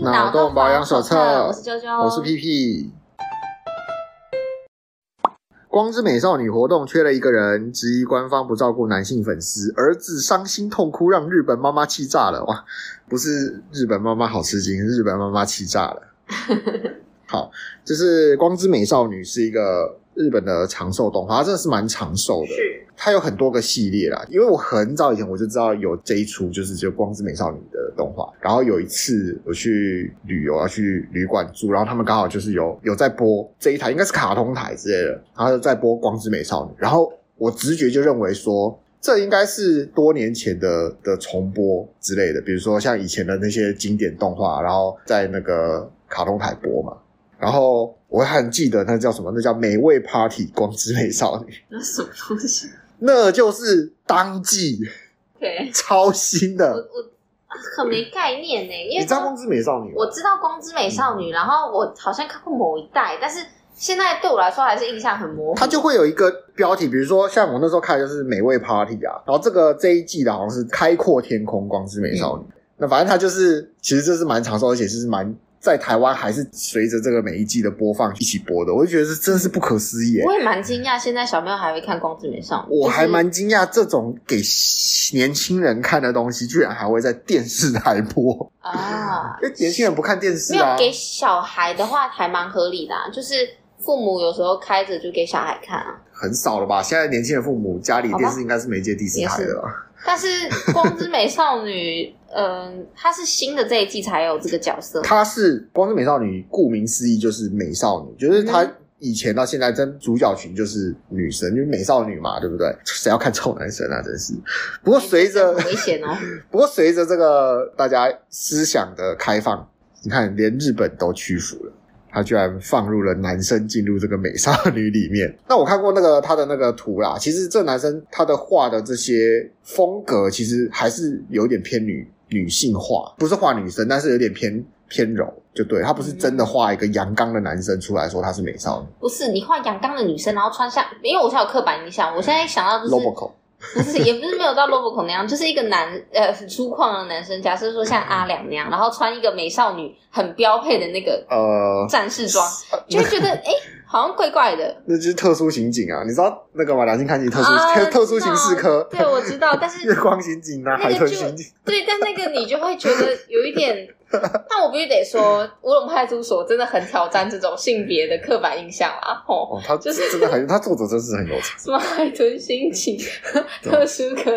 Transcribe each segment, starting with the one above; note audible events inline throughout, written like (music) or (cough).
腦洞保養手冊，我是嬌嬌，我是屁屁。光之美少女活動缺了一個人，質疑官方不照顧男性粉絲，兒子傷心痛哭，讓日本媽媽氣炸了。哇，不是日本媽媽好吃驚，是，是日本媽媽氣炸了。 (laughs) 好，就是光之美少女是一個日本的長壽動畫，它真的是蠻長壽的。它有很多個系列啦，因為我很早以前我就知道有這一齣、就是，就是就光之美少女的動畫。然後有一次我去旅遊，要去旅館住，然後他們剛好就是有有在播這一台，應該是卡通台之類的，然後在播光之美少女。然後我直覺就認為說，這應該是多年前的的重播之類的，比如說像以前的那些經典動畫，然後在那個卡通台播嘛。然後我還記得那叫什麼？那叫美味 Party 光之美少女。那什麼東西？那就是當季，Okay，超新的，我我很沒概念呢。欸，因為你知道光之美少女。我知道光之美少女，嗯，然後我好像看過某一代，但是現在對我來說還是印象很模糊。它就會有一個標題，比如說像我那時候看的就是美味 Party 啊，然後這個這一季的好像是開闊天空光之美少女，嗯，那反正它就是其實這是蠻長壽，而，就，且是蠻。在台灣還是隨着這個每一季的播放一起播的，我就覺得是真是不可思議。我也蠻驚訝，現在小朋友還會看《光之美少女》。我還蠻驚訝，這種給年輕人看的東西，居然還會在電視台播啊！因為年輕人不看電視啊。沒有給小孩的話還蠻合理的啊，就是父母有時候開着就給小孩看啊。很少了吧？現在年輕人父母家裡電視應該是沒接第四台的。但是《光之美少女》，嗯、 (laughs) 呃，她是新的這一季才有這個角色。她是《光之美少女》，顧名思義就是美少女，就是她以前到現在真主角群就是女神，嗯、因為美少女嘛，對不對？誰要看臭男生啊？真是。不過隨着危險哦。 (laughs) 不過隨着這個大家思想的開放，你看連日本都屈服了。他居然放入了男生進入這個美少女裡面。那我看過那個他的那個圖啦，其實這男生他的畫的這些風格其實還是有點偏女女性化，不是畫女生，但是有點偏偏柔，就對。他不是真的畫一個陽剛的男生出來說他是美少女。嗯、不是你畫陽剛的女生，然後穿上，因為我才有刻板印象。我現在想到就是。嗯 Robocode (laughs) 不是，也不是沒有到蘿蔔孔那樣，就是一個男呃粗獷的男生，假設說像阿良那樣，然後穿一個美少女很標配的那個呃戰士裝，呃，就會覺得誒、那個、欸，好像怪怪的。那就是特殊刑警啊，你知道那個嗎？良心看起特殊，呃、特殊刑事科。對，我知道，但是月 (laughs) 光刑警啊，海豚刑警。對，但那個你就會覺得有一點。那 (laughs) 我必須得說，《烏龍派出所》真的很挑戰這種性別的刻板印象啊、哦哦就是！哦，他就是真的很，他作者真是很有才， (laughs) 什麼愛情、情 (laughs) 特殊科、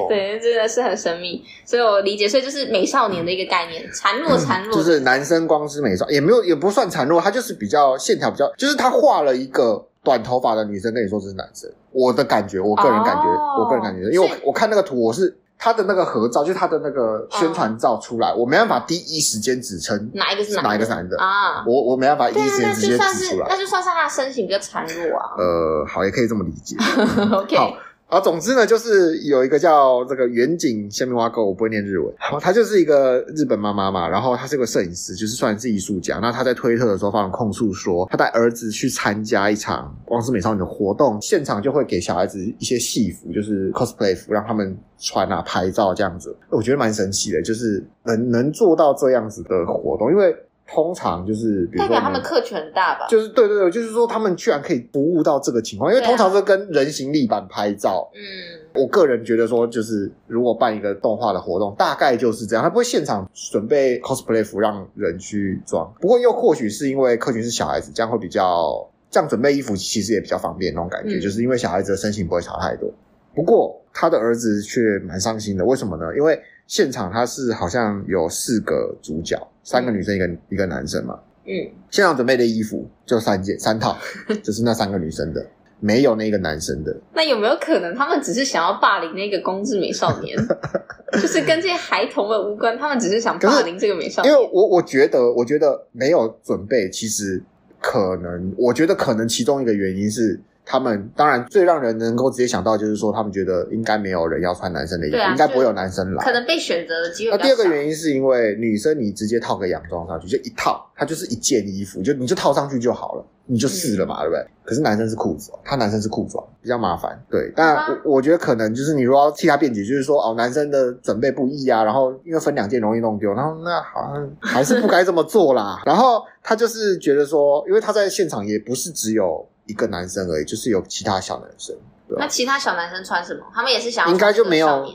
哦，對，真的是很神秘，所以我理解，所以就是美少年的一個概念，孱、嗯、弱，孱弱，就是男生光之美少也沒有，也不算孱弱，他就是比較線條比較，就是他畫了一個短頭髮的女生，跟你說這是男生，我的感覺，我個人感覺，哦、我個人感覺，因為我,我看那個圖，我是。他的那個合照，就是他的那個宣傳照出來，啊，我沒辦法第一時間指稱哪一個是哪一個男的啊，我我沒辦法第一時間直接指出來，那就算是，那就算是他身形比較孱弱啊。呃，好，也可以這麼理解。 (laughs) o、okay. 好。啊，總之呢，就是有一個叫這個遠景下面挖溝，我不會念日文。然後他就是一個日本媽媽嘛，然後他是一個攝影師，就是算是藝術家。那他在推特的時候發文控訴說，他帶兒子去參加一場光之美少女的活動，現場就會給小孩子一些戲服，就是 cosplay 服，讓他們穿啊拍照這樣子。我覺得蠻神奇的，就是能能做到這樣子的活動，因為。通常就是代表他們客群大吧，就是對對對，就是說他們居然可以服務到這個情況，因為通常是跟人形立板拍照。嗯，我個人覺得說，就是如果辦一個動畫的活動，大概就是這樣，他不會現場準備 cosplay 服讓人去裝。不過又或許是因為客群是小孩子，這樣會比較，這樣準備衣服其實也比較方便那種感覺，就是因為小孩子身形不會差太多。不過他的兒子卻蠻傷心的，為什麼呢？因為現場他是好像有四個主角。三個女生，一個、嗯、一個男生嘛。嗯，現場準備的衣服就三件三套，就是那三個女生的， (laughs) 沒有那個男生的。那有沒有可能他們只是想要霸凌那個光之美少年？ (laughs) 就是跟這些孩童們無關，他們只是想霸凌這個美少年。因為我我覺得，我覺得沒有準備，其實可能，我覺得可能其中一個原因是。他們當然最讓人能夠直接想到就是說，他們覺得應該沒有人要穿男生的衣服，啊、應該不會有男生來，可能被選擇的機會。那第二個原因是因為女生你直接套個洋裝上去，就一套，它就是一件衣服，就你就套上去就好了，你就試了嘛、嗯，對不對？可是男生是褲子，他男生是褲裝，比較麻煩。對，但、嗯啊、我，我覺得可能就是你如果要替他辯解，就是說哦，男生的準備不易啊，然後因為分兩件容易弄丟，然後那好像、啊、還是不該這麼做啦。 (laughs) 然後他就是覺得說，因為他在現場也不是只有。一個男生而已，就是有其他小男生。對啊、那其他小男生穿什麼？他們也是想穿應該就沒有，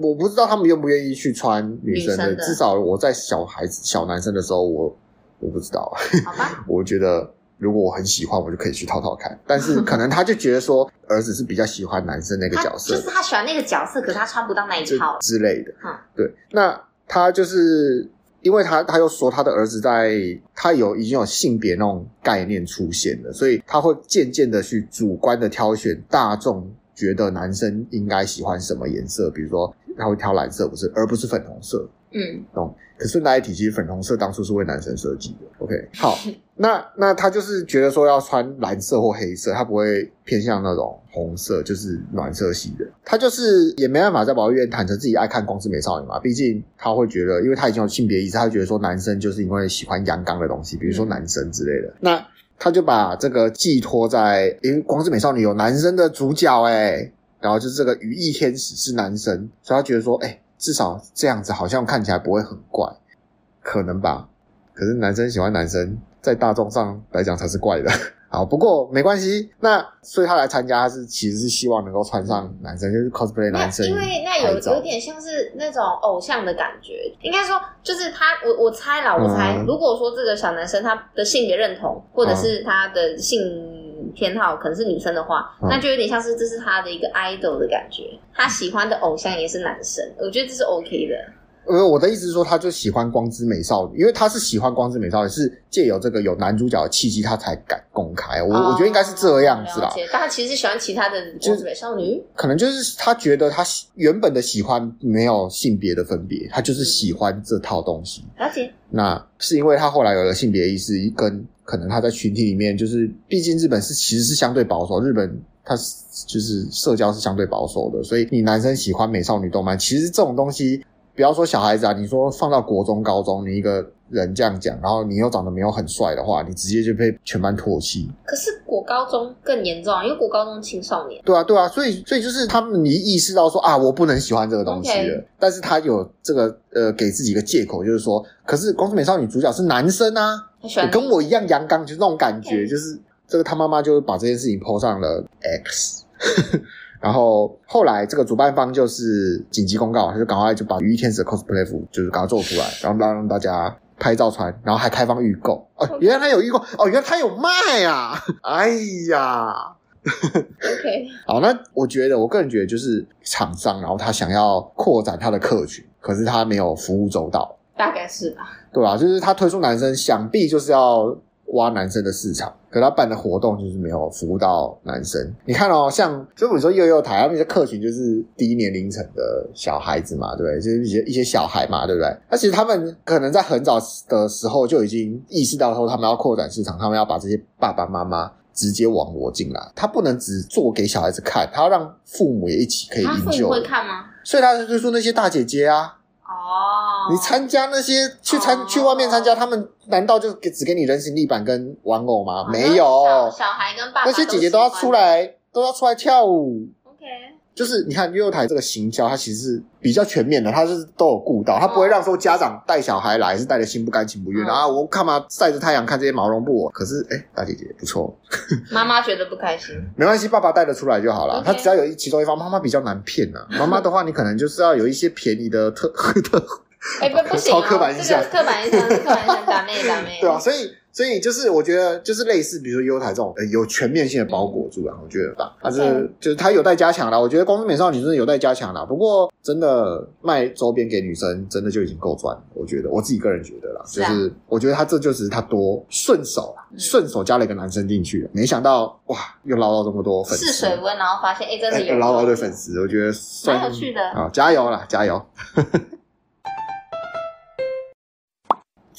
我不知道他們願不願意去穿女生，女生的。至少我在小孩子小男生的時候我，我我不知道。 (laughs) 好吧。我覺得如果我很喜歡，我就可以去套套看。但是可能他就覺得說，兒子是比較喜歡男生那個角色， (laughs) 就是他喜歡那個角色，可是他穿不到那一套之類的、嗯。對。那他就是。因為他，他又說他的兒子在，他有已經有性別那種概念出現了，所以他會漸漸的去主觀的挑選大眾覺得男生應該喜歡什麼顏色，比如說他會挑藍色不是，而不是粉紅色。嗯，懂。可是順帶一提其實粉紅色當初是為男生設計的。OK，好，那那他就是覺得說要穿藍色或黑色，他不會偏向那種紅色，就是暖色系的。他就是也沒辦法在保育院坦誠自己愛看《光之美少女》嘛，畢竟他會覺得，因為他已經有性別意識，他會覺得說男生就是因為喜歡陽剛的東西，比如說男生之類的。那他就把這個寄托在，因為《光之美少女》有男生的主角誒、欸，然後就是這個羽翼天使是男生，所以他覺得說，誒。至少這樣子好像看起來不會很怪，可能吧。可是男生喜歡男生，在大眾上來講才是怪的。好，不過沒關係。那所以他來參加他是，是其實是希望能夠穿上男生，就是 cosplay 男生，因為那有有點像是那種偶像的感覺。應該說，就是他，我我猜啦，嗯、我猜，如果說這個小男生他的性別認同，或者是他的性。嗯偏好可能是女生的話，那就有點像是這是他的一個 idol 的感覺，嗯、他喜歡的偶像也是男生，我覺得這是 OK 的。呃，我的意思是說，他就喜歡光之美少女，因為他是喜歡光之美少女，是借由這個有男主角的契機，他才敢公開。我、哦、我覺得應該是這樣子吧。哦、okay, 但他其實喜歡其他的就是美少女，就是、可能就是他覺得他原本的喜歡沒有性別的分別，他就是喜歡這套東西。嗯、了解。那是因為他後來有了性別意識，一跟。可能他在群體裡面，就是畢竟日本是其實是相對保守，日本他就是社交是相對保守的，所以你男生喜歡美少女動漫，其實這種東西，不要說小孩子啊，你說放到國中、高中，你一個。人這樣講，然後你又長得沒有很帥的話，你直接就被全班唾棄。可是國高中更嚴重啊，因為國高中青少年。對啊，對啊，所以所以就是他們，一意識到說啊，我不能喜歡這個東西了。Okay. 但是他有這個呃，給自己一個借口，就是說，可是《光之美少女》主角是男生啊，喜歡跟我一樣陽剛，就是那種感覺。Okay. 就是這個他媽媽就把這件事情 PO 上了 X。 (laughs) 然後後來這個主辦方就是緊急公告，他就趕快就把《羽翼天使》cosplay 服就是趕快做出來，然後讓大家。拍照穿，然後還開放預購，哦、okay. 預購哦，原來他有預購哦，原來他有賣啊！哎呀 (laughs) ，OK，好，那我覺得，我個人覺得就是廠商，然後他想要擴展他的客群，可是他沒有服務周到，大概是吧？對吧、啊？就是他推出男生，想必就是要。挖男生的市場，可他辦的活動就是沒有服務到男生。你看哦，像，就比如說幼幼台，他們那客群就是低年齡層的小孩子嘛，對不對？就是一些一些小孩嘛，對不對？那其實他們可能在很早的時候就已經意識到說，他們要擴展市場，他們要把這些爸爸媽媽直接網羅進來。他不能只做給小孩子看，他要讓父母也一起可以營救。他父母會看嗎？所以他就說那些大姐姐啊。你參加那些去參、oh. 去外面參加，他們難道就只給你人形立板跟玩偶嗎？Uh -huh. 沒有小，小孩跟爸爸那些姐姐都要出來，都，都要出來跳舞。OK，就是你看幼幼台這個行銷，它其實是比較全面的，它是都有顧到，它不會讓說家長帶小孩來是帶着心不甘情不願的啊，oh. 我幹嘛曬着太陽看這些毛絨布偶？可是哎、欸，大姐姐不錯， (laughs) 媽媽覺得不開心，沒關係，爸爸帶得出來就好了。Okay. 他只要有一其中一方，媽媽比較難騙啊。媽媽的話，你可能就是要有一些便宜的特特。 (laughs) (laughs) 哎、欸，不不行，哦，超刻板印象，刻板印象， (laughs) 刻板印象，打妹打妹。對啊，所以所以就是我覺得就是類似，比如說優台這種，欸，有全面性的包裹住啊，我覺得吧，但是，嗯，就是他有待加強啦，我覺得《光之美少女》真的有待加強啦。不過真的賣周邊給女生，真的就已經夠賺了。我覺得我自己個人覺得啦，是啊，就是我覺得他這就是他多順手了，順手加了一個男生進去，沒想到哇，又撈到這麼多粉絲。試水溫，然後發現哎，真，欸，的有撈到，欸，的粉絲，我覺得算。蠻有趣的啊，加油啦，加油！ (laughs)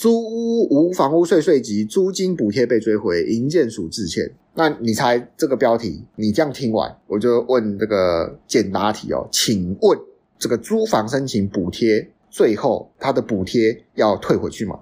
租屋無房屋稅稅籍租金補貼被追回，營建署致歉。那你猜這個標題？你這樣聽完，我就問這個簡答題哦。請問這個租房申請補貼，最後他的補貼要退回去嗎？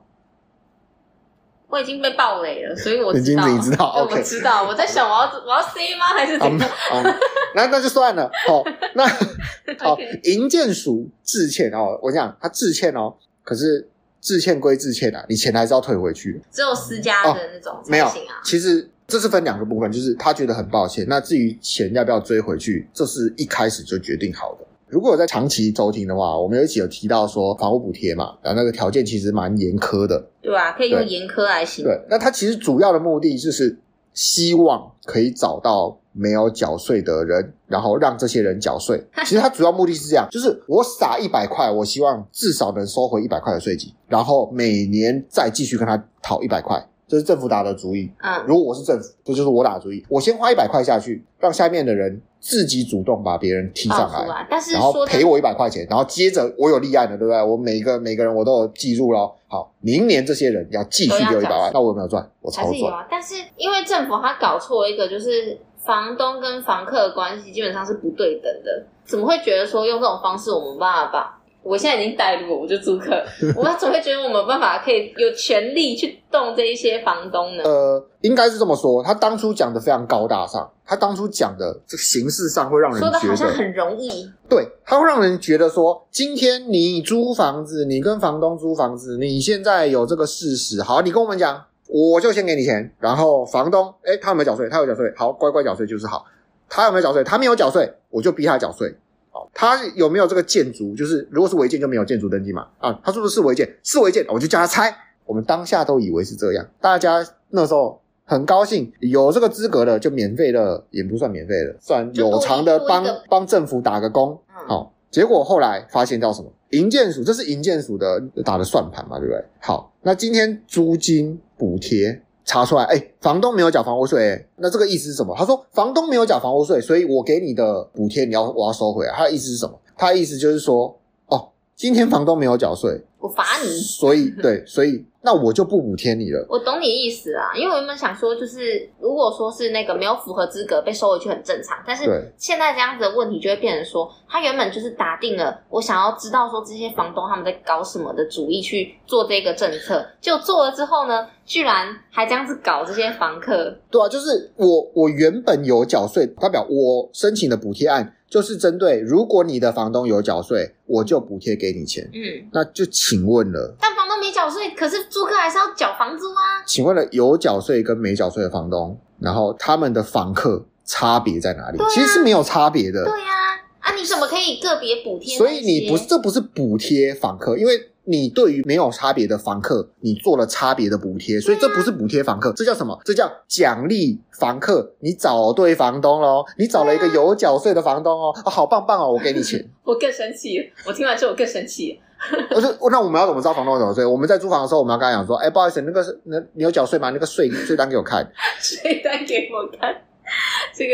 我已經被暴雷了，所以我已經自己知道。我知道、嗯 OK，我在想我要 (laughs) 我要 C 嗎？還是怎 um, um, 那那就算了。哦， (laughs) 那好，okay. 營建署致歉哦。我講他致歉哦，可是。致歉歸致歉啊，你錢還是要退回去，只有私家的那種、啊哦、才行啊。其實這是分兩個部分，就是他覺得很抱歉，那至於錢要不要追回去，這是一開始就決定好的。如果在長期收聽的話，我們有一期有提到說房屋補貼嘛，然後那個條件其實蠻嚴苛的，對吧、啊？可以用嚴苛來形容。對，那他其實主要的目的就是希望可以找到。沒有繳稅的人，然後讓這些人繳稅。其實他主要目的是這樣，就是我撒一百塊，我希望至少能收回一百塊的稅金，然後每年再繼續跟他討一百塊。這是政府打的主意。啊、嗯，如果我是政府，這就，就是我打的主意。我先花一百塊下去，讓下面的人。自己主動把別人踢上來，來但是然後賠我一百塊錢，嗯、然後接着我有立案了，對不對？我每個每個人我都有記錄咯。好，明年這些人要繼續丟一百萬，那我有沒有賺？我操作。還是有啊，但是因為政府他搞錯一個，就是房東跟房客的關係基本上是不對等的，怎麼會覺得說用這種方式我們爸爸。我現在已經帶路，我就租客，我們怎麼會覺得我們有辦法可以有權利去動這一些房東呢？呃，應該是這麼說，他當初講的非常高大上，他當初講的這個形式上會讓人覺得，說得好像很容易，對，他會讓人覺得說，今天你租房子，你跟房東租房子，你現在有這個事實，好，你跟我們講，我就先給你錢，然後房東，哎，他有沒有繳稅？他有繳稅，好，乖乖繳稅就是好，他有沒有繳稅？他沒有繳稅，我就逼他繳稅。哦，他有沒有這個建築？就是如果是違建，就沒有建築登記嘛？啊，他是不是違建？是違建，我就叫他猜。我們當下都以為是這樣，大家那時候很高興，有這個資格的就免費的，也不算免費的，算有償的幫幫政府打個工。好、嗯喔，結果後來發現到什麼營建署，這是營建署的打的算盤嘛，對不對？好，那今天租金補貼。查出來，哎、欸，房東沒有繳房屋稅，哎，那這個意思是什麼？他說房東沒有繳房屋稅，所以我給你的補貼你要我要收回來。他的意思是什麼？他的意思就是說，哦，今天房東沒有繳稅，我罰你。所以對，所以。那我就不補貼你了。我懂你意思啊，因為我原本想說，就是如果說是那個沒有符合資格被收回去，很正常。但是現在這樣子的問題就會變成說，他原本就是打定了，我想要知道說這些房東他們在搞什麼的主意去做這個政策，就做了之後呢，居然還這樣子搞這些房客。對啊，就是我我原本有繳稅，代表我申請的補貼案。就是針對如果你的房東有繳稅，我就補貼給你錢。嗯，那就請問了，但房東沒繳稅，可是租客還是要繳房租啊？請問了，有繳稅跟沒繳稅的房東，然後他們的房客差別在哪裡？啊，其實是沒有差別的。對呀，啊，啊，你怎麼可以個別補貼？所以你不是，這不是補貼房客，因為。你對於沒有差別的房客，你做了差別的補貼，所以這不是補貼房客，嗯、這叫什麼？這叫獎勵房客。你找對房東嘍，你找了一個有繳稅的房東哦、嗯啊，好棒棒哦，我給你錢。我更生氣，我聽完之後我更生氣。我 (laughs) 說，那我們要怎麼知道房東有繳稅？我們在租房的時候，我們要跟他講說，哎，不好意思，那個，那你有繳稅嗎？那個稅稅單給我看，稅單給我看。這個，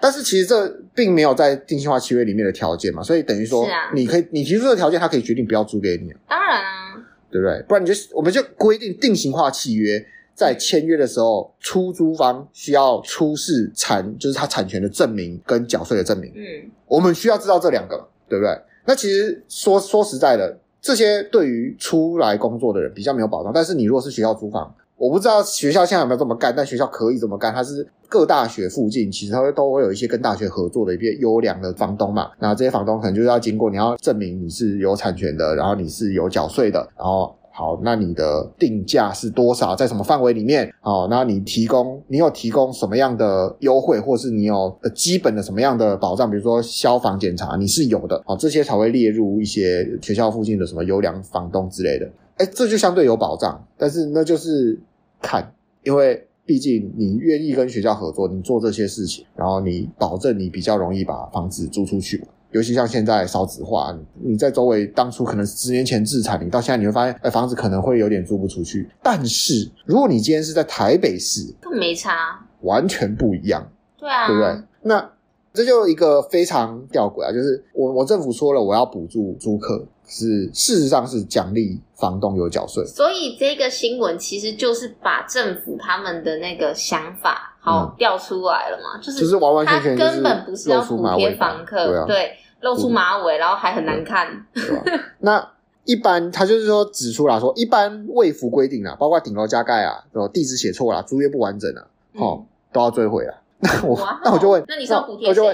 但是其實這並沒有在定型化契約裡面的條件嘛，所以等於說，你可以、啊，你提出的條件，他可以決定不要租給你。當然啊，對不對？不然你就是、我們就規定定型化契約在簽約的時候，出租方需要出示產，就是他產權的證明跟繳稅的證明。嗯，我們需要知道這兩個，對不對？那其實說說實在的，這些對於出來工作的人比較沒有保障，但是你如果是學校租房。我不知道學校現在有沒有這麼幹，但學校可以這麼幹。它，是各大學附近，其實它都會有一些跟大學合作的一些優良的房東嘛。那這些房東可能就是要經過你要證明你是有產權的，然後你是有繳稅的，然後好，那你的定價是多少，在什麼範圍裡面？哦，那你提供你有提供什麼樣的優惠，或是你有基本的什麼樣的保障？比如說消防檢查，你是有的哦，這些才會列入一些學校附近的什麼優良房東之類的。哎，這就相對有保障，但是那就是看，因為畢竟你願意跟學校合作，你做這些事情，然後你保證你比較容易把房子租出去。尤其像現在少子化，你在周圍當初可能十年前置產，你到現在你會發現，哎，房子可能會有點租不出去。但是如果你今天是在台北市，根本沒差，完全不一樣。對啊，對不對？那這就一個非常吊詭啊，就是我我政府說了，我要補助租客。是，事實上是獎勵房東有繳稅，所以這個新聞其實就是把政府他們的那個想法好調、嗯、出來了嘛，就是、就是、完完全全根本不是要補貼房客，對，露出馬尾然後還很難看。 (laughs) 啊、那一般他就是說指出來說，一般未符規定啊，包括頂樓加蓋啊，哦地址寫錯了，租約不完整啊，好、嗯、都要追回了。 (laughs) 那我、哦、那我就問，那你說補貼誰啊？我就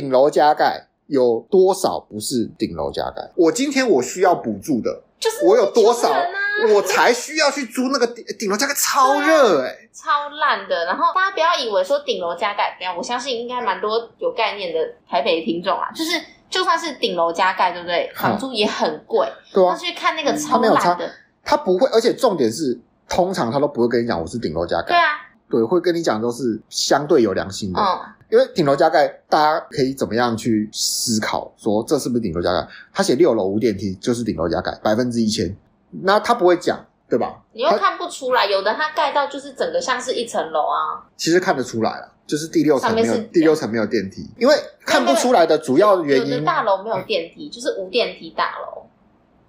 頂樓加蓋。有多少不是頂樓加蓋？我今天我需要補助的，就是我有多少，我才需要去租那個頂頂樓加蓋，欸啊，超熱誒，超爛的。然後大家不要以為說頂樓加蓋，不要，我相信應該蠻多有概念的台北聽眾啊，就是就算是頂樓加蓋，對不對？房租也很貴。對，嗯、啊，去看那個超爛的，他、嗯、不會，而且重點是，通常他都不會跟你講我是頂樓加蓋。對啊，對，會跟你講都是相對有良心的。嗯因為頂樓加蓋，大家可以怎麼樣去思考？說這是不是頂樓加蓋？他寫六樓無電梯，就是頂樓加蓋百分之一千，那他不會講，對吧？你又看不出來，有的他蓋到就是整個像是一層樓啊。其實看得出來啊，就是第六層沒有，第六層沒有電梯，因為看不出來的主要原因。對對對，有的大樓沒有電梯，嗯，就是無電梯大樓，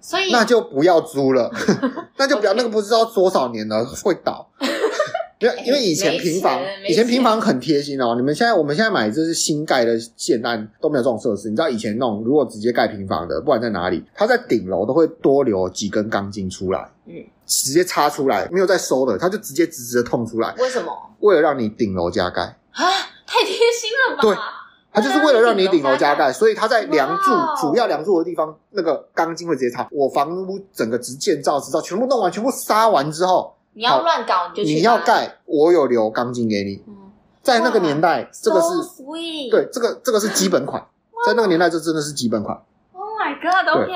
所以那就不要租了， (laughs) (laughs) 那就不要、Okay. 那個不知道多少年了，會倒。因為因為以前平房，以前平房很貼心哦。你們現在我們現在買，這是新蓋的建案都沒有這種設施。你知道以前弄，如果直接蓋平房的，不管在哪裡，它在頂樓都會多留幾根鋼筋出來，嗯，直接插出來，沒有再收的，它就直接直直的通出來。為什麼？為了讓你頂樓加蓋啊！太貼心了吧？對，它就是為了讓你頂樓加蓋，所以它在梁柱，主要梁柱的地方那個鋼筋會直接插。我房屋整個直建造制造全部弄完，全部殺完之後。你要亂搞你就去。你要蓋，我有留鋼筋給你。嗯，在那個年代，這個是。So sweet。對，這個這個是基本款。哇。在那個年代，這真的是基本款。Oh my god! OK。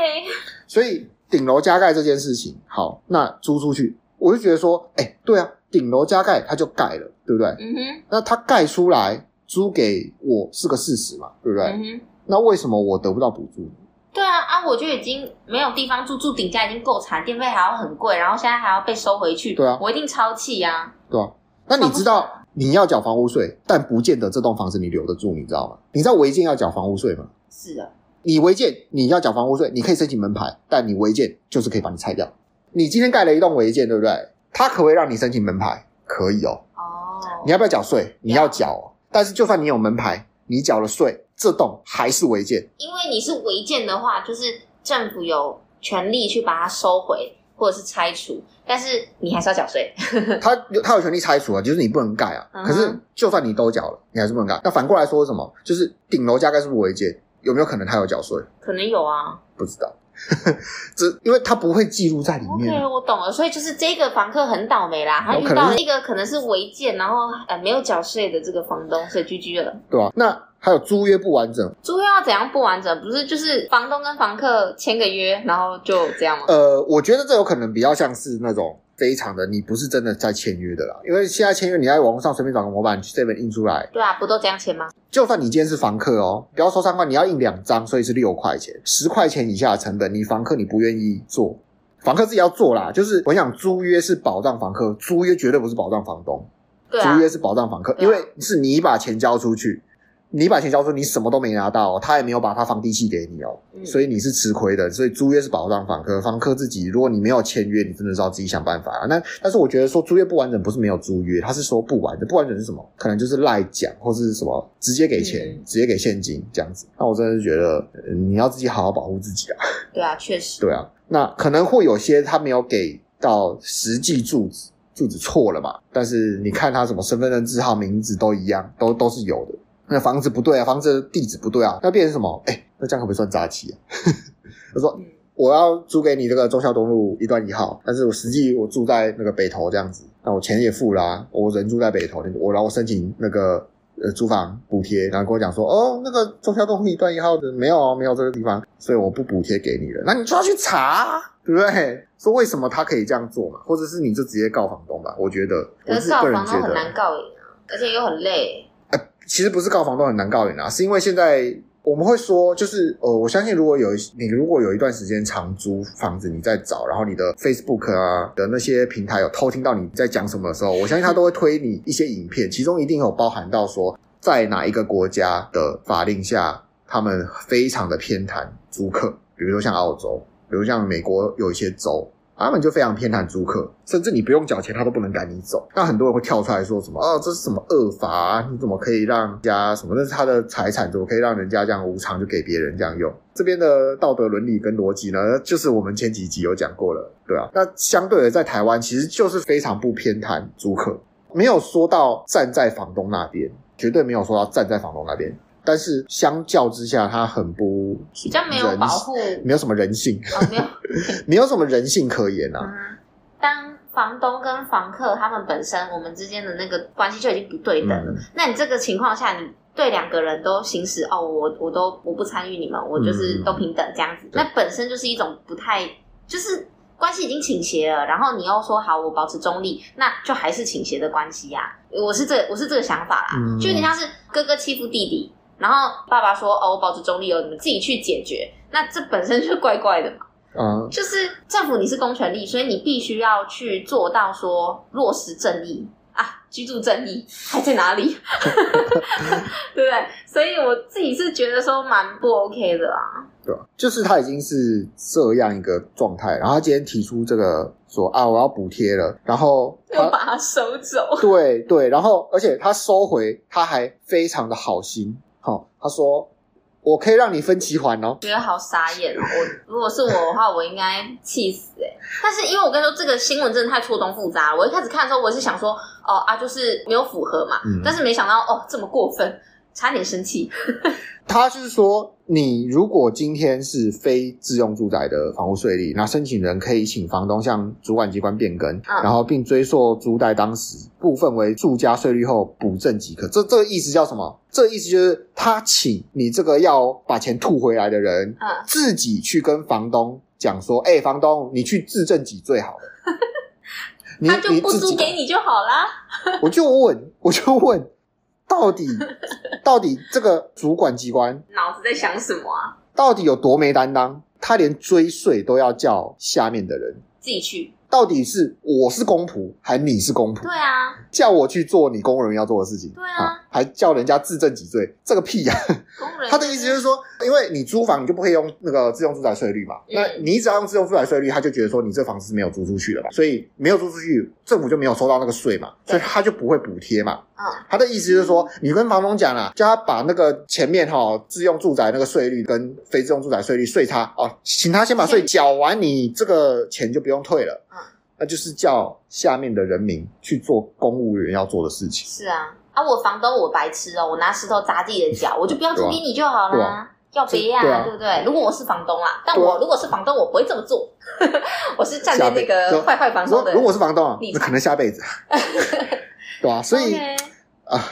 所以頂樓加蓋這件事情，好，那租出去，我就覺得說，哎、欸，對啊，頂樓加蓋他就蓋了，對不對？嗯哼。那他蓋出來租給我是個事實嘛，對不對？嗯哼。那為什麼我得不到補助？對啊啊！我就已經沒有地方住，住頂加已經夠慘，電費還要很貴，然後現在還要被收回去。對啊，我一定超氣啊！對啊，那你知道你要繳房屋稅，但不見得這棟房子你留得住，你知道嗎？你知道違建要繳房屋稅嗎？是的，你違建你要繳房屋稅，你可以申請門牌，但你違建就是可以把你拆掉。你今天蓋了一棟違建，對不對？他可以讓你申請門牌，可以哦。哦。你要不要繳稅？你要繳。要。但是就算你有門牌，你繳了稅。這棟還是違建，因為你是違建的話，就是政府有權利，去把它收回或者是拆除，但是你還是要繳稅。 (laughs) 他有他有權利拆除啊，就是你不能蓋啊。嗯、可是就算你都繳了，你還是不能蓋。那反過來說是什麼？就是頂樓加蓋是不是違建？有沒有可能他有繳稅？可能有啊，不知道。這 (laughs) 因為他不會記錄在裡面。啊。Okay, 我懂了，所以就是這個房客很倒霉啦，他遇到一個可能是違建，然後呃沒有繳稅的這個房東，所以 GG 了。對啊，那。還有租約不完整，租約要怎樣不完整？不是就是房東跟房客簽個約，然後就這樣嗎？呃，我覺得這有可能比較像是那種非常的，你不是真的在簽約的啦。因為現在簽約你在網上隨便找個模板，這邊印出來，對啊，不都這樣簽嗎？就算你今天是房客哦、喔，不要收三塊，你要印兩張，所以是六塊錢，十塊錢以下的成本，你房客你不願意做，房客自己要做啦。就是我想租約是保障房客，租約絕對不是保障房東，對啊、租約是保障房客、對啊，因為是你把錢交出去。你把錢交出，你什麼都沒拿到、哦，他也沒有把他房地契給你哦、嗯，所以你是吃虧的。所以租約是保障房客，房客自己，如果你沒有簽約，你真的是要自己想辦法啊。那但，但是我覺得說租約不完整不是沒有租約，他是說不完整，不完整是什麼？可能就是賴獎或是什麼直接給錢、嗯，直接給現金這樣子。那我真的是覺得、呃、你要自己好好保護自己啊。對啊，確實。對啊，那可能會有些他沒有給到實際住址，住址錯了嘛？但是你看他什麼身份證字號、名字都一樣，都都是有的。那房子不對啊，房子地址不對啊，那變成什麼？哎、欸，那這樣可不可以算詐欺啊？他 (laughs) 說我要租給你這個忠孝東路一段一號，但是我實際我住在那個北投這樣子，那我錢也付了，啊，我人住在北投，我然後我申請那個呃租房補貼，然後跟我講說哦，那個忠孝東路一段一號的沒有哦，沒有這個地方，所以我不補貼給你了。那你就要去查，對不對？說為什麼他可以這樣做嘛？或者是你就直接告房東吧？我覺得可是告房東很難告、欸，而且又很累欸。其實不是告房東很難告人，啊，是因為現在我們會說，就是呃，我相信如果有你如果有一段時間長租房子，你在找，然後你的 Facebook 啊的那些平台有偷聽到你在講什麼的時候，我相信他都會推你一些影片，其中一定有包含到說在哪一個國家的法令下，他們非常的偏袒租客，比如說像澳洲，比如像美國有一些州。他們就非常偏袒租客，甚至你不用繳錢，他都不能趕你走。那很多人會跳出來說什麼：“哦，這是什麼惡法啊？你怎麼可以讓人家什麼？那是他的財產，怎麼可以讓人家這樣無償就給別人這樣用？”這邊的道德倫理跟邏輯呢，就是我們前幾集有講過了，對啊。那相對的，在台灣其實就是非常不偏袒租客，沒有說到站在房東那邊，絕對沒有說到站在房東那邊。但是相較之下，他很不，比較沒有保護，沒有什麼人性。 (laughs) 你有什麼人性可言呢、啊嗯？當房東跟房客他們本身我們之間的那個關係就已經不對等了，嗯、那你這個情況下，你對兩個人都行使哦，我我都我不參與你們，我就是都平等這樣子，嗯、那本身就是一種不太就是關係已經傾斜了，然後你又說好，我保持中立，那就還是傾斜的關係呀、啊。我是這我是這個想法啦，嗯、就你像是哥哥欺負弟弟，然後爸爸說哦，我保持中立哦，你們自己去解決，那這本身就是怪怪的嘛。嗯，就是政府，你是公權力，所以你必須要去做到說落實正義啊，居住正義還在哪裡？ (laughs) (laughs) 對不對？所以我自己是覺得說蠻不 OK 的啦、啊。對，就是他已經是這樣一個狀態，然後他今天提出這個說啊，我要補貼了，然後他又把它收走。對對，然後而且他收回，他還非常的好心，好、嗯，他說。我可以讓你分期還哦，覺得好傻眼哦、喔！我如果是我的話，我應該氣死哎、欸！ (laughs) 但是因為我跟你說，這個新聞真的太錯綜複雜。我一開始看的時候，我是想說哦，哦啊，就是沒有符合嘛、嗯。但是沒想到哦，這麼過分。差點生氣， (laughs) 他是說，你如果今天是非自用住宅的房屋稅率，那申請人可以請房東向主管機關變更、嗯，然後並追溯租貸當時部分為住家稅率後補正即可。這這個意思叫什麼？這個、意思就是他請你這個要把錢吐回來的人、嗯、自己去跟房東講說，哎、欸，房東，你去自證己最好， (laughs) 他就不租給你就好啦。」 (laughs) 就就啦 (laughs) 我就問，我就問。到底，到底這個主管機關腦 (laughs) 子在想什麼啊？到底有多沒擔當？他連追稅都要叫下面的人自己去。到底是我是公僕，還你是公僕？對啊，叫我去做你公務人員要做的事情。對啊，啊還叫人家自證己罪，這個屁呀、啊！工人他的意思就是說。因為你租房，你就不可以用那個自用住宅稅率嘛、嗯？那你只要用自用住宅稅率，他就覺得說你這房子是沒有租出去的吧？所以沒有租出去，政府就沒有收到那個稅嘛？所以他就不會補貼嘛、嗯？他的意思就是說，你跟房東講了，叫他把那個前面哈自用住宅那個稅率跟非自用住宅稅率稅差哦，請他先把稅繳完你，你這個錢就不用退了、嗯。那就是叫下面的人民去做公務員要做的事情。是啊，啊我房東我白痴哦，我拿石頭砸自己的腳、啊，我就不要租給、啊、你就好了。要別啊，啊，對不對？如果我是房東啦、啊，但我，我如果是房東，我不會這麼做。 (laughs) 我是站在那個壞壞房東的人。如果是房東，啊，那 (laughs) 可能下輩子。 (laughs) 對吧、啊？所以、Okay. 啊，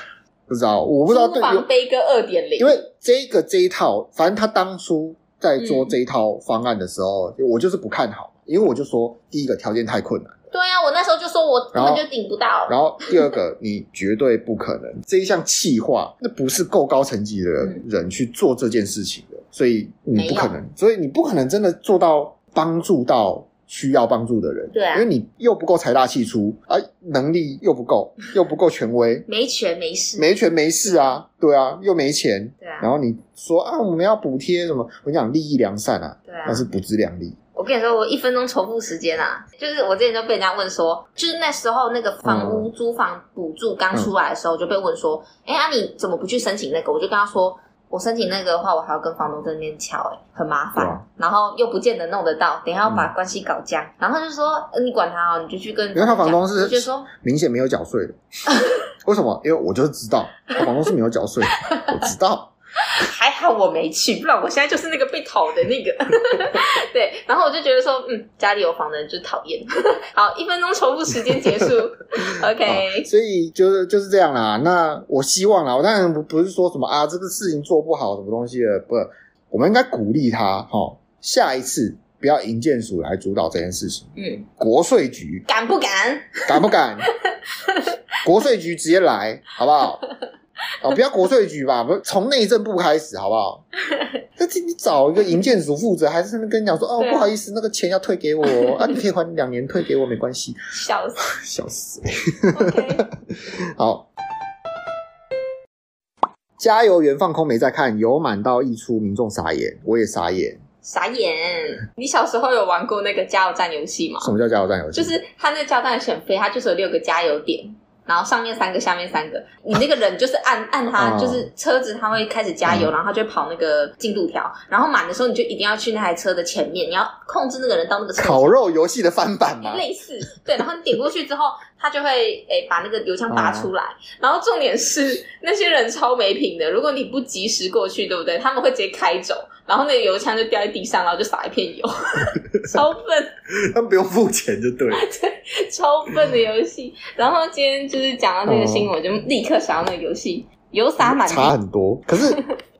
不知道，我不知道。租房悲歌二點零。對。因為這個這一套，反正他當初在做這一套方案的時候、嗯，我就是不看好，因為我就說，第一個條件太困難。對啊，我那時候就說，我根本就頂不到了。然後第二個， (laughs) 你絕對不可能這一項企劃，那不是夠高層級的人，嗯、去做這件事情的，所以你不可能，所以你不可能真的做到幫助到需要幫助的人。對、啊，因為你又不夠財大氣粗啊，能力又不夠，又不夠權威。 (laughs) 沒權沒勢，沒權沒勢啊，對啊，又沒錢。對啊，然後你說啊，我們要補貼什麼？我跟你講，利益良善啊，對啊，那是不自量力。我跟你說，我一分鐘重複時間啊，就是我之前就被人家問說，就是那時候那個房屋租房補助剛出來的時候，嗯嗯、我就被問說，哎、欸、啊，你怎麼不去申請那個？我就跟他說，我申請那個的話，我還要跟房東在那邊敲、欸，誒很麻煩、啊，然後又不見得弄得到，等一下要把關係搞僵、嗯，然後他就說，你管他啊，你就去跟，因為他房東是，就說明顯沒有繳稅的， (laughs) 為什麼？因為我就是知道，他房東是沒有繳稅， (laughs) 我知道。哎，好我沒去，不然我現在就是那個被討的那個。 (laughs) 對，然後我就覺得說，嗯，家裡有房的人就討厭。 (laughs) 好，一分鐘重複時間結束。 (laughs) OK，、哦、所以就是就是這樣啦。那我希望啦，我當然不不是說什麼啊，這個事情做不好什麼東西的不，我們應該鼓勵他哈、哦。下一次不要營建署來主導這件事情，嗯，國稅局敢不敢？敢不敢？ (laughs) 國稅局直接來，好不好？ (laughs) (laughs) 哦，不要國稅局吧，不是從內政部開始，好不好？ (laughs) 但是你找一個營建署負責， (laughs) 還是跟你講說，哦，不好意思，那個錢要退給我， (laughs) 啊，你可以還兩年退給我，沒關係。笑死，死，笑死，okay。好，加油員放空沒在看，油滿到溢出，民眾傻眼，我也傻眼。傻眼，你小時候有玩過那個加油站遊戲嗎？ (laughs) 什麼叫加油站遊戲？就是他那個加油站選飛，他就是有六個加油點。然後上面三個，下面三個，你那個人就是按按他，就是車子他會開始加油，oh. 然後他就跑那個進度條，然後滿的時候你就一定要去那台車的前面，你要控制那個人到那個。車。烤肉遊戲的翻版嘛類似，對。然後你點過去之後，他就會誒、欸、把那個油槍拔出來。Oh. 然後重點是那些人超沒品的，如果你不及時過去，對不對？他們會直接開走。然後那個油槍就掉在地上，然後就撒一片油，超笨。 (laughs) 他們不用付錢就對了 (laughs) 超笨的遊戲。然後今天就是講到這個新聞、嗯，我就立刻想到那個遊戲，油灑滿、嗯。差很多，可是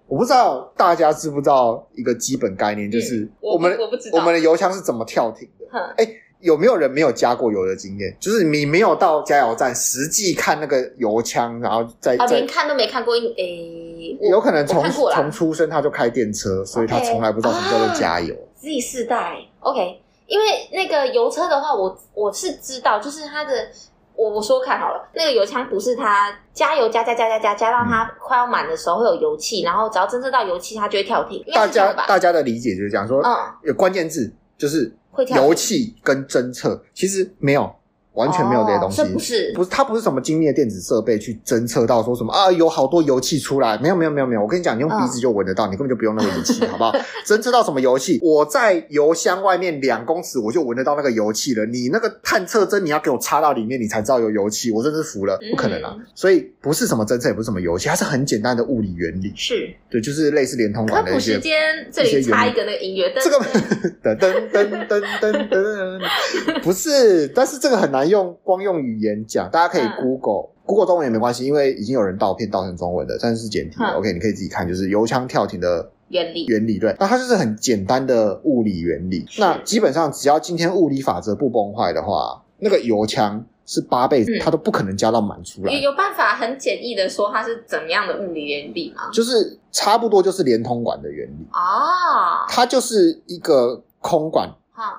我不知道大家知不知道一個基本概念，就是我們、 (laughs) 欸、我，我，不知道我們的油槍是怎麼跳停的？哎、嗯欸，有沒有人沒有加過油的經驗？就是你沒有到加油站實際看那個油槍，然後再啊在，連看都沒看過一、欸有可能從從出生他就開電車，okay, 所以他從來不知道什麼叫做加油。Z、啊、世代，OK，因為那個油車的話我，我我是知道，就是它的，我我說看好了，那個油槍不是它加油加加加加加加到它快要滿的時候會有油氣，嗯、然後只要偵測到油氣，它就會跳停。大家大家的理解就是這樣說，有關鍵字就是會跳。油氣跟偵測，其實沒有。完全沒有這些東西，哦、是不是不是，它不是什麼精密的電子設備去偵測到說什麼啊，有好多油氣出來，沒有沒有沒有沒有，我跟你講，你用鼻子就聞得到，哦，你根本就不用那個儀器， (laughs) 好不好？偵測到什麼油氣？我在油箱外面兩公尺，我就聞得到那個油氣了。你那個探測針，你要給我插到裡面，你才知道有油氣。我真是服了，不可能啊，嗯嗯！所以不是什麼偵測，也不是什麼油氣，它是很簡單的物理原理。是，對，就是類似連通管那些這些原，那個，這個 (laughs) 噔，噔，噔，噔，噔，噔，噔，噔，噔噔噔噔噔噔，不是，但是這個很難。用光用語言講，大家可以 Google、嗯、Google 中文也沒關係，因為已經有人倒片倒成中文的，但是是簡體的、嗯。OK，你可以自己看，就是油槍跳停的原理原理，對，那它就是很簡單的物理原理。那基本上只要今天物理法則不崩壞的話，那個油槍是八倍、嗯，它都不可能加到滿出來。有辦法很簡易的說它是怎麼樣的物理原理嗎？就是差不多就是連通管的原理啊、哦，它就是一個空管。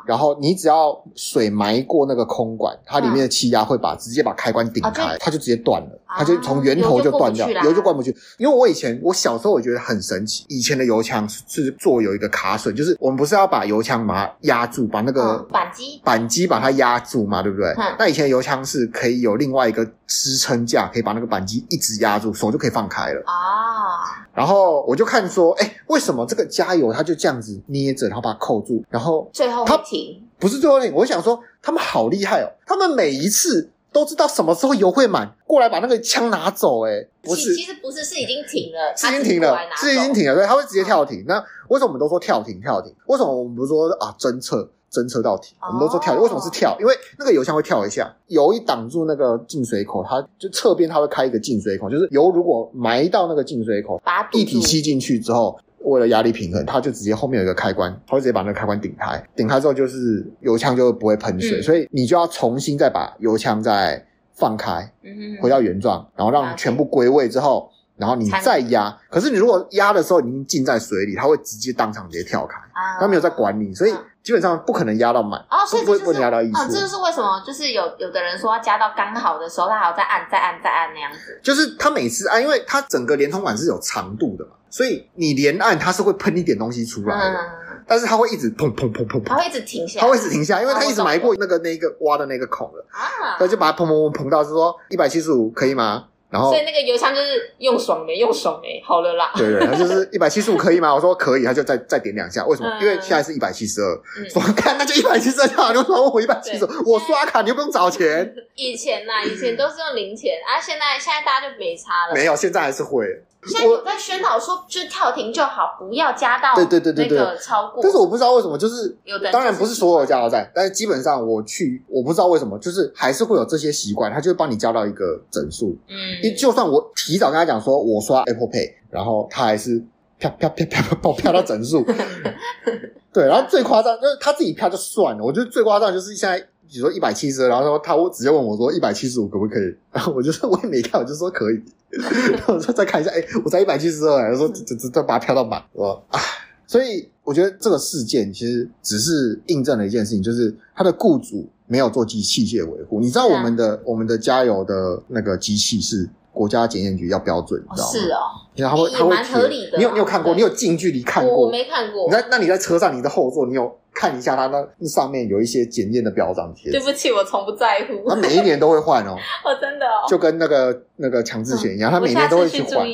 然後你只要水埋過那個空管，它裡面的氣壓會把直接把開關頂開，啊、它,就它就直接斷了、啊，它就從源頭就斷掉，油就,過不去啦，油就灌不進去。因為我以前我小時候我覺得很神奇，以前的油槍是,是做有一個卡榫，就是我們不是要把油槍把它壓住，把那個、哦、扳機扳機把它壓住嘛，對不對？那、嗯、以前的油槍是可以有另外一個支撐架，可以把那個扳機一直壓住，手就可以放開了。哦。然後我就看說，哎、欸，為什麼這個加油，他就這樣子捏着，然後把它扣住，然後最後它停，不是最後停。我想說，他們好厲害哦，他們每一次都知道什麼時候油會滿，過來把那個槍拿走、欸。哎，不是，其實不是，是已經停了，是已經停了，是已經停了，對，他會直接跳停。啊、那為什麼我們都說跳停跳停？為什麼我們不說啊？偵測？偵測到底、哦。我們都說跳，為什麼是跳？因為那個油槍會跳一下，油一擋住那個進水口，它就側邊它會開一個進水口，就是油如果埋到那個進水口，液體吸進去之後，為了壓力平衡，它就直接後面有一個開關，它會直接把那個開關頂開，頂開之後就是油槍就會不會噴水，嗯、所以你就要重新再把油槍再放開，回到原狀，然後讓全部歸位之後，然後你再壓，可是你如果壓的時候你已經浸在水裡，它會直接當場直接跳開，它沒有在管你，所以。基本上不可能壓到滿，哦，所以會、就是、不壓一是啊，這就是為什麼，就是有有的人說要加到剛好的時候，他還要再按、再按、再按、再按那樣子。就是他每次按，因為他整個連通管是有長度的嘛，所以你連按它是會噴一點東西出來的，嗯、但是他會一直砰砰砰砰他會一直停下。他會一直停下，直停下，因為他一直埋過那個那個挖的那個孔了啊，他就把它砰砰砰砰到是說一百七十五可以嗎？然後所以那個油箱就是用爽沒用爽沒，好了啦。對對，他就是一百七十五可以嗎？ (laughs) 我說可以，他就再再點兩下。為什麼？因為現在是一百七十二，我看那就一百七十二就好，你為什麼問我一百七十五，我刷卡你又不用找錢。以前吶，以前都是用零錢啊，現在現在大家就沒差了。沒有，現在還是會。現在有在宣導說，就是跳停就好，不要加到那個超過，對對對對對超過。但是我不知道為什麼，就是，就是當然不是所有加油站，但是基本上我去，我不知道為什麼，就是還是會有這些習慣，它就會幫你加到一個整數。嗯，因為就算我提早跟他講說，我刷 Apple Pay，然後他還是票票票票飄飄到整數。 (laughs) 對，然後最誇張就是他自己票就算了，我覺得最誇張就是現在。你說一百七十二，然後他，我直接問我說一百七十五可不可以？然後我就說我也沒看，我就說可以。 (laughs) 然後我說再看一下，哎，我才一百七十二，我說這這這把它調到滿。我哎、啊，所以我覺得這個事件其實只是印證了一件事情，就是他的僱主沒有做機器械維護。你知道我們的、啊、我們的加油的那個機器是國家檢驗局要標準，你知道嗎？是哦。他會，他會，你、啊、你有你有看過，你有近距離看過？我沒看過。你在那，你在車上，你的後座，你有看一下它那那上面有一些檢驗的標章貼。對不起，我從不在乎。他每一年都會換哦、喔。哦，真的哦。就跟那個那個強制險一樣，他、嗯、每一年都會去換。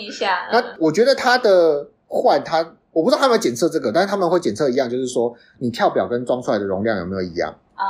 那我、嗯、我覺得他的換，他我不知道他們檢測這個，但是他們會檢測一樣，就是說你跳表跟裝出來的容量有沒有一樣啊、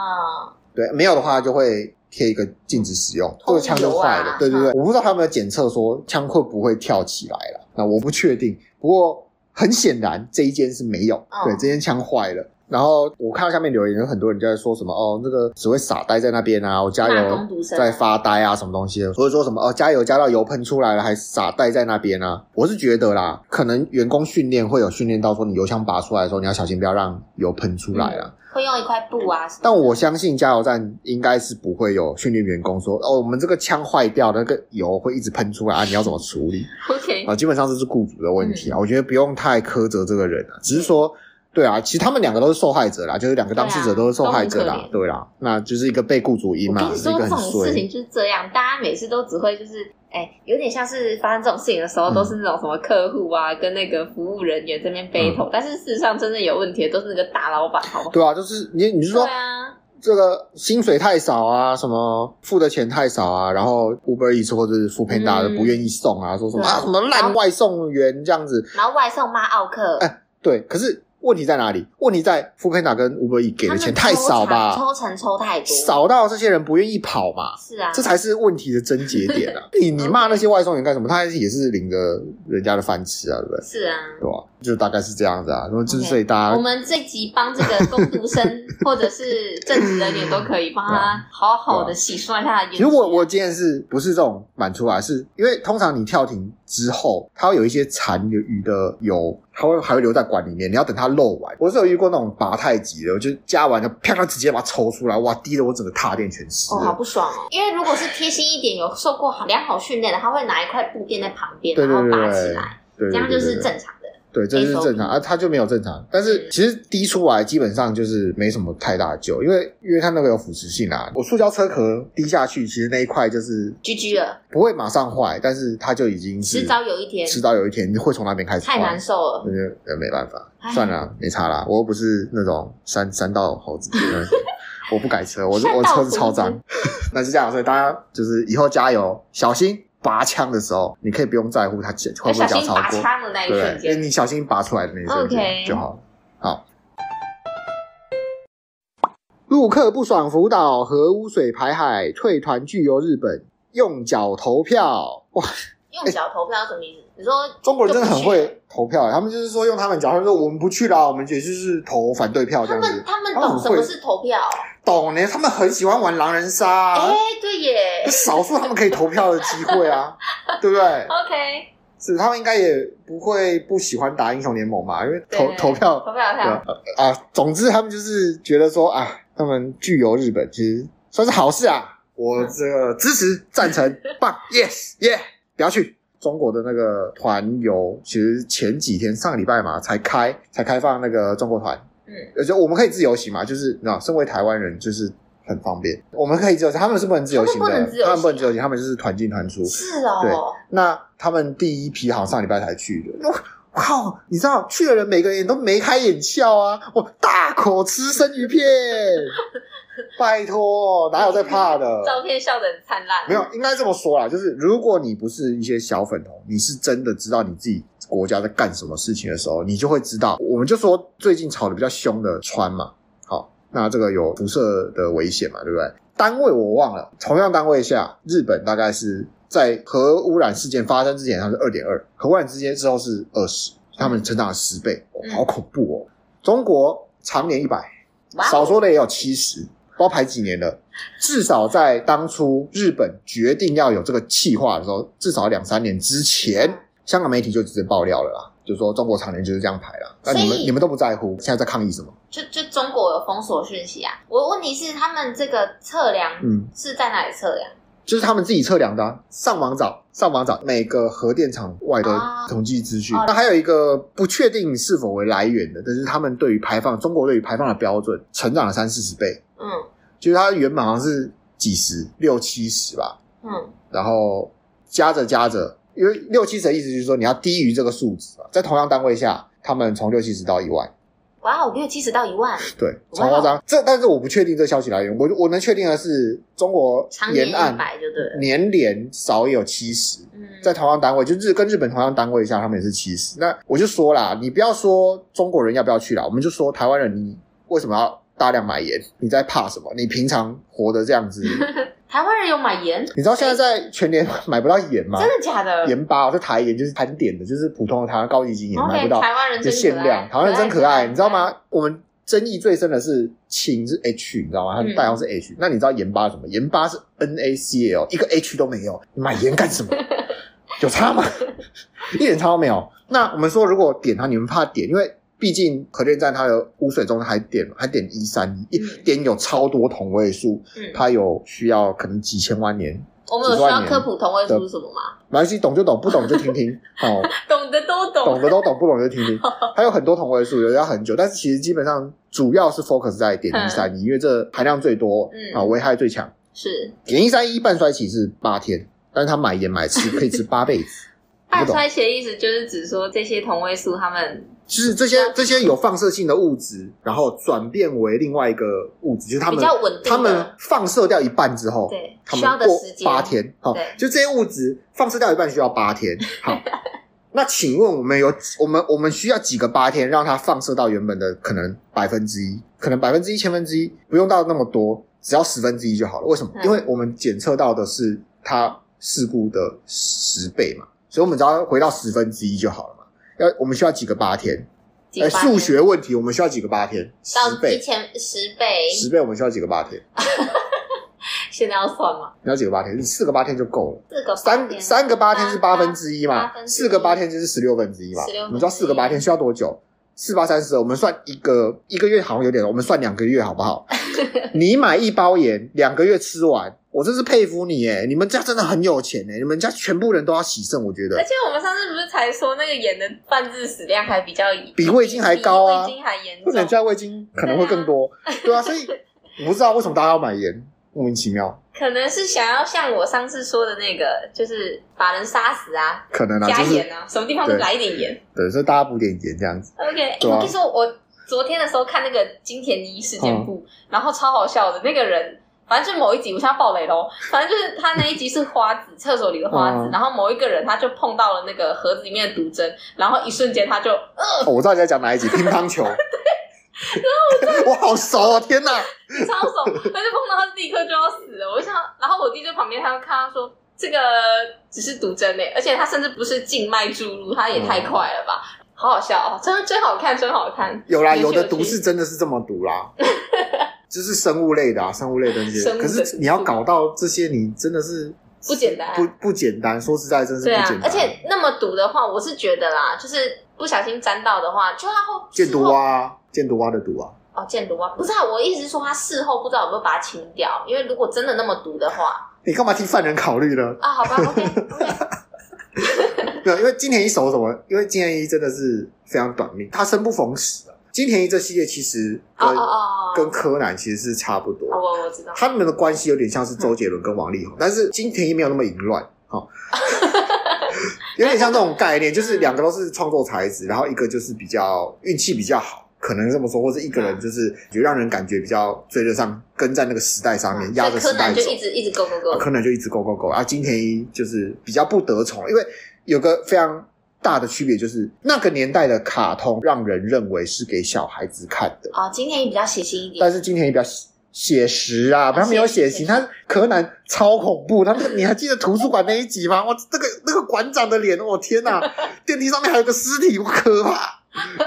嗯？對，沒有的話就會貼一個禁止使用，哦、這個槍就壞了、啊。對對對、嗯，我不知道他們檢測說槍會不會跳起來了。那我不確定，不過很顯然這一間是沒有，哦、對，這間槍壞了。然後我看到下面留言，有很多人在說什麼哦，那個只會傻呆在那邊啊，我加油在發呆啊，什麼東西的。所以說什麼哦，加油加到油噴出來了，還傻呆在那邊啊。我是覺得啦，可能員工訓練會有訓練到說，你油槍拔出來的時候，你要小心，不要讓油噴出來了。嗯會用一塊布啊，是不是，但我相信加油站應該是不會有訓練員工說哦，我們這個槍壞掉，那個油會一直噴出來啊， (laughs) 你要怎麼處理？OK 啊，基本上這是僱主的問題啊，我覺得不用太苛責這個人啊，只是說。對啊，其實他們兩個都是受害者啦，就是兩個當事者都是受害者啦。對啦、啊啊，那就是一個被雇主隱瞞，一個這種事情就是這樣，大家每次都只會就是，哎，有點像是發生這種事情的時候，嗯、都是那種什麼客戶啊，跟那個服務人員這邊背痛、嗯，但是事實上真的有問題的，都是那個大老闆。嗯、好對啊，就是你你是說對、啊，這個薪水太少啊，什麼付的錢太少啊，然後 Uber e a 或者是付 o d p a n d a 都不願意送啊，說什麼、嗯啊、什麼爛外送員這樣子，然後外送罵奧克。哎，對，可是。問題在哪裡？問題在 Foodpanda 跟 Uber Eats 給的錢太少吧抽？抽成抽太多，少到這些人不願意跑嘛？是啊，這才是問題的症結點啊！你、 (laughs) 欸、你罵那些外送員幹什麼？他也是領着人家的飯吃啊，對不對？是啊，對吧、啊？就大概是這樣子啊。那麼，就是所以大家，okay, 我們這集幫這個工讀生或者是正職人員都可以幫他好好的洗刷一下。如 (laughs) 果、啊啊、我，我今天是不是這種滿出來是因為通常你跳停之後，它會有一些殘餘的油。它會還會留在管裡面，你要等它漏完。我是有遇過那種拔太急的，我就加完就啪，啪直接把它抽出來，哇，滴得我整個踏墊全濕，哦，好不爽哦。因為如果是貼心一點， (laughs) 有受過良好訓練的，他會拿一塊布墊在旁邊，然後拔起來。對對對對，這樣就是正常。對對對對對，這是正常啊，它就沒有正常。但是其實滴出來基本上就是沒什麼太大的救，因為因為它那個有腐蝕性啊。我塑膠車殼滴下去，其實那一塊就是 GG 了，不會馬上壞，但是它就已經是遲早有一天，遲早有一天你會從那邊開始壞。太難受了，那、嗯、就沒辦法，算了，沒差了，我又不是那種山山道猴子，嗯、 (laughs) 我不改車，我我車子超髒， (laughs) 那是這樣，所以大家就是以後加油，小心。拔槍的時候，你可以不用在乎他會不會交叉過拔的，對，瞬、欸、間、欸，你小心拔出來的那一瞬間就好。好。陸客不爽，福島核污水排海，退團拒遊日本，用腳投票。哇，欸、用腳投票是什麼意思？你說中國人真的很會投票，欸，他們就是說用他們講，他們說我們不去了，我們也就是投反對票這樣子。這他們他們懂什麼是投票，懂呢，欸？他們很喜歡玩狼人殺，啊，哎、欸，對耶，少數他們可以投票的機會啊， (laughs) 對不對？OK，是他們應該也不會不喜歡打英雄聯盟嘛，因為投投票投票對，對啊，啊，總之他們就是覺得說啊，他們拒遊日本其實算是好事啊，我這個支持讚、嗯、成棒 (laughs) ，Yes Yeah，不要去。中國的那個團遊，其實前幾天上個禮拜嘛才開，才開放那個中國團。嗯，而且我們可以自由行嘛，就是你知道，身為台灣人就是很方便，我們可以自由行，他們是不能自由行的，嗯。他們是不能自由行的，他們不能自由行，他們就是團進團出。是啊，對。那他們第一批好像上禮拜才去的。我靠，你知道去的人每個人都眉開眼笑啊，我大口吃生魚片。 (laughs) 拜託，哪有在怕的？ (laughs) 照片笑得很燦爛。沒有，應該這麼說啦，就是如果你不是一些小粉紅，你是真的知道你自己國家在幹什麼事情的時候，你就會知道。我們就說最近吵得比較兇的川嘛，好，那這個有輻射的危險嘛，對不對？單位我忘了，同樣單位下，日本大概是在核汙染事件發生之前，它是二點二；核汙染事件之後是二十，他們成長了十倍，好恐怖哦、喔。中國常年一百、wow，少說的也有七十。包排幾年了？至少在當初日本決定要有這個計劃的時候，至少兩三年之前，香港媒體就直接爆料了啦。就說，中國常年就是這樣排啦。那你們你們都不在乎？現在在抗議什麼？就就中國有封鎖訊息啊！我問題是他們這個測量，嗯，是在哪裡測量呀？就是他們自己測量的啊。上網找，上網找每個核電廠外的統計資訊。那還有一個不確定是否為來源的，但是他們對於排放，中國對於排放的標準成長了三四十倍。嗯。就是它原本好像是幾十六七十吧，嗯，然後加着加着，因為六七十的意思就是說你要低於這個數值，在同樣單位下，他們從六七十到一萬。哇、哦，從六七十到一萬，對，超誇張。這但是我不確定這個消息來源，我我能確定的是中國沿岸年，年年少也有七十，嗯。在同樣單位，就日跟日本同樣單位下，他們也是七十。那我就說啦，你不要說中國人要不要去啦，我們就說台灣人，你為什麼要？大量買鹽，你在怕什麼？你平常活得這樣子， (laughs) 台灣人有買鹽？你知道現在在全年買不到鹽嗎？ (laughs) 真的假的？鹽巴、哦，我說台鹽就是含碘的，就是普通的台灣高級鹽、okay, 買不到限量，台灣人真可愛。台灣人真可愛,可,愛可愛，你知道嗎？我們爭議最深的是氫是 H，你知道嗎？它的代號是 H、嗯。那你知道鹽巴是什麼？鹽巴是 NaCl，一個 H 都沒有。你買鹽幹什麼？ (laughs) 有差嗎？ (laughs) 一點差都沒有。那我們說，如果點它，你們怕點，因為。畢竟核電站它的污水中還碘還碘一三一，碘有超多同位素、嗯，它有需要可能幾千萬年。我們有需要科普同位素,是同位素是什麼嗎？沒關係，懂就懂，不懂就聽聽。 (laughs) 好，懂的都懂，懂的都懂，不懂就聽聽。 (laughs) 還有很多同位素，有要很久，但是其實基本上主要是 focus 在碘一三一，因為這含量最多，啊、嗯，危害最強。是碘一三一半衰期是八天，但是它買鹽買吃 (laughs) 可以吃八輩子。半衰期的意思就是指說這些同位素它們。就是這些這些有放射性的物質，然後轉變為另外一個物質，就是它們它們放射掉一半之後，對，需要的時間八天，好、哦，就這些物質放射掉一半需要八天，好。 (laughs) 那請問我們有我們我們需要幾個八天讓它放射到原本的可能百分之一，可能百分之一千分之一，不用到那麼多，只要十分之一就好了。為什麼？因為我們檢測到的是它事故的十倍嘛，所以我們只要回到十分之一就好了嘛。要，我們需要幾個八天？欸、數學問題，我們需要幾個八天？十倍前，十倍，十倍，我們需要幾個八天？ (laughs) 現在要算嗎？你要幾個八天？你四個八天就夠了。四個八三三個八天是八分之一嘛？四個八天就是十六分之一嘛之？我們知道四個八天需要多久？四八三十，我們算一個一個月好像有點，我們算兩個月好不好？ (laughs) 你買一包鹽，兩個月吃完。我真是佩服你哎！你們家真的很有錢哎！你們家全部人都要洗腎我覺得。而且我們上次不是才說那個鹽的半致死量還比較，比味精還高啊！比味精還嚴重。我們味精可能會更多對、啊，對啊，所以我不知道為什麼大家要買鹽，莫 (laughs) 名其妙。可能是想要像我上次說的那個，就是把人殺死啊，可能、啊、加鹽啊、就是，什麼地方都來一點鹽。對，所以大家補點鹽這樣子。OK，、啊欸、我聽說我昨天的時候看那個金田一事件簿，然後超好笑的那個人。反正就是某一集，我現在暴雷咯。反正就是他那一集是花子 (laughs) 廁所裡的花子、嗯，然後某一個人他就碰到了那個盒子裡面的毒針，然後一瞬間他就……呃哦、我知道你在講哪一集乒乓球。 (laughs) 對，然後我…… (laughs) 我好熟啊、哦！天哪， (laughs) 超熟！他就碰到他，立刻就要死了。我想，然後我弟在旁邊，他就看他說：“這個只是毒針呢、欸，而且他甚至不是靜脈注入，他也太快了吧！”嗯、好好笑哦，真的真好看，真好看。有啦，有的毒是真的是這麼毒啦。 (laughs) 就是生物類的啊，生物類的那些。 (laughs) 可是你要搞到這些你是是，你、啊、真的是不簡單，不不簡單。說實在，真是不簡單。而且那麼毒的話，我是覺得啦，就是不小心沾到的話，就他會。箭毒蛙，箭毒蛙的毒啊。哦，箭毒蛙不是，我意思是說，他事後不知道有沒有把它清掉，因為如果真的那麼毒的話，你幹嘛替犯人考慮呢？啊，好吧，OK OK。 (laughs) (laughs) 對，因為金田一手什麼？因為金田一真的是非常短命，他生不逢時。金田一這系列其實跟 oh, oh, oh, oh, oh. 跟柯南其實是差不多，我知道他們的關係有點像是周杰倫跟王力宏、嗯，但是金田一沒有那麼淫亂，哈、嗯，哦、 (laughs) 有點像這種概念，就是兩個都是創作才子，然後一個就是比較運氣比較好，可能這麼說，或者一個人就是就讓人感覺比較追得上，跟在那個時代上面壓着、嗯、時代走。柯南就一直一直 go go go，柯南就一直 go go go，然後金田一就是比較不得寵，因為有個非常。大的區別就是那個年代的卡通讓人認為是給小孩子看的啊，金、哦、田一比較血腥一點，但是金田一比較寫實啊，啊，他沒有血腥，他柯南超恐怖，他你還記得圖書館那一集嗎？哇， (laughs) 那個那個館長的臉，我、哦、天哪、啊， (laughs) 電梯上面還有個屍體，我可怕。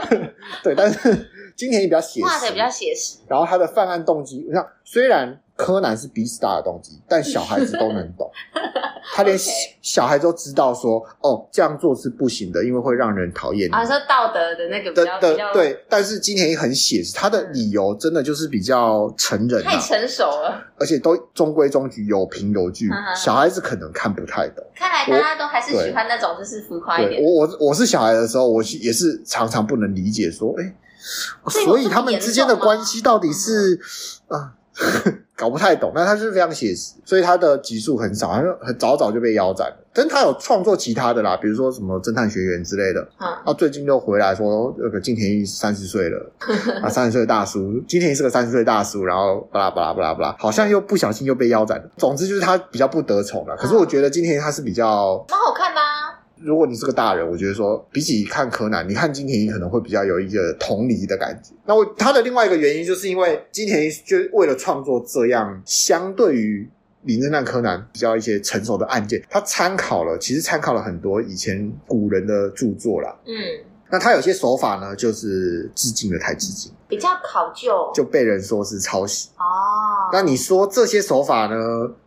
(laughs) 對，但是金田一比較寫實，畫的也比較寫實。然後他的犯案動機，你看雖然。柯南是彼此大的動機，但小孩子都能懂。 (laughs) 他連小孩都知道說、 (laughs) okay：“ 哦，這樣做是不行的，因為會讓人討厭你。”啊，說道德的那個的的對，對，對。但是金田一很寫實，他的理由真的就是比較成人、啊，太成熟了，而且都中規中矩，有憑有據。小孩子可能看不太懂、uh -huh。看來大家都還是喜歡那種就是浮誇一點。我我我是小孩的時候，我也是常常不能理解說：“哎、欸，所以他們之間的關係到底是啊？” (laughs) (laughs) 搞不太懂，那他是非常寫實，所以他的集數很少，他就很早早就被腰斬，但他有創作其他的啦，比如說什麼偵探學園之類的。啊，啊最近又回來說那個金田一三十歲了， (laughs) 啊，三十歲大叔，金田一是個三十歲大叔，然後巴拉巴拉巴拉巴拉，好像又不小心又被腰斬，總之就是他比較不得寵了，啊。可是我覺得金田一他是比較蠻好看的。如果你是個大人，我覺得說比起看柯南，你看金田一可能會比較有一個同理的感覺。那我他的另外一個原因，就是因為金田一就為了創作這樣相對於名偵探柯南比較一些成熟的案件，他參考了其實參考了很多以前古人的著作啦。嗯，那他有些手法呢，就是致敬了太致敬，比較考究，就被人說是抄襲哦。那你說這些手法呢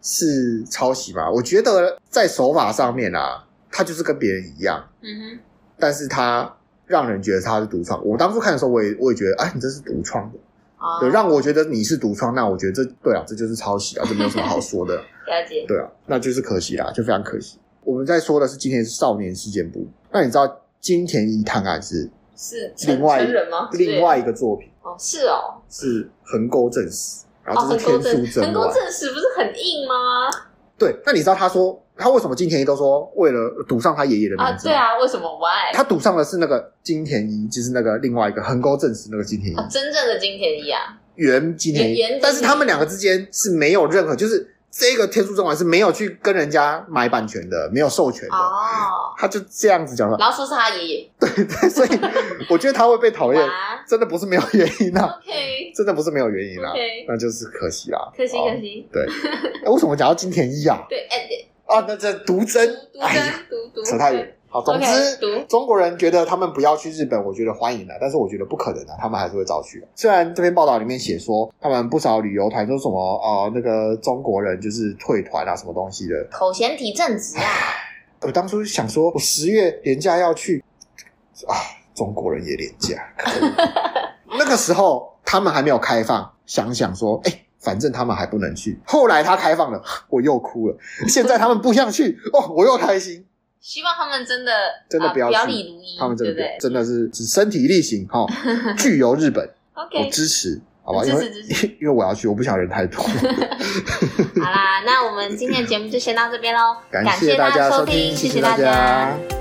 是抄襲嗎？我覺得在手法上面啊。他就是跟別人一樣，嗯哼，但是他讓人覺得他是獨創。我當初看的時候，我也我也覺得，哎、啊，你這是獨創的、哦，對，讓我覺得你是獨創，那我覺得這對啊，這就是抄襲啊，這沒有什麼好說的呵呵，了解，對啊，那就是可惜啦，就非常可惜。我們在說的是金田一少年事件簿，那你知道金田一探案是是另外一個人嗎？另外一個作品哦，是哦，是橫溝正史，然後這是天樹征，橫、哦、溝正，正史不是很硬嗎？對，那你知道他說他為什麼金田一都說為了賭上他爺爺的名字？啊，對啊，為什麼？Why？他賭上的是那個金田一，就是那個另外一個橫溝正史那個金田一，哦，真正的金田一啊，原金田一、原，原金田一。但是他們兩個之間是沒有任何，就是這個天書中文是沒有去跟人家買版權的，沒有授權的。哦、oh.。他就這樣子講了，老鼠是他爺爺。對對，所以我覺得他會被討厭，真的不是沒有原因啊。真的不是沒有原因啊。啊 okay, 因啊 okay, 那就是可惜啦，可惜可惜。對，欸、為什麼講到金田一啊？對，哎、欸，啊，那這毒針，毒、嗯、針，扯、哎、太遠。好，okay, 總之，中國人覺得他們不要去日本，我覺得歡迎了，但是我覺得不可能啊。他們還是會造去。雖然這篇報道裡面寫說，他們不少旅遊團都什麼啊、呃，那個中國人就是退團啊，什麼東西的。口嫌體正直啊。我當初想說，我十月連假要去啊，中國人也連假。可。 (laughs) 那個時候他們還沒有開放，想想說，哎、欸，反正他們還不能去。後來他開放了，我又哭了。現在他們不想去，哦，我又開心。 (laughs) 希望他們真的真的不要去，呃，他們真的不要對不對真的是只身體力行哈，拒、哦、遊日本， (laughs) Okay. 我支持。好吧，因為是是是是因為我要去，我不想人太多。 (laughs) (laughs) 好啦，那我們今天的節目就先到這邊嘍，感謝大家收聽，謝，謝謝大家。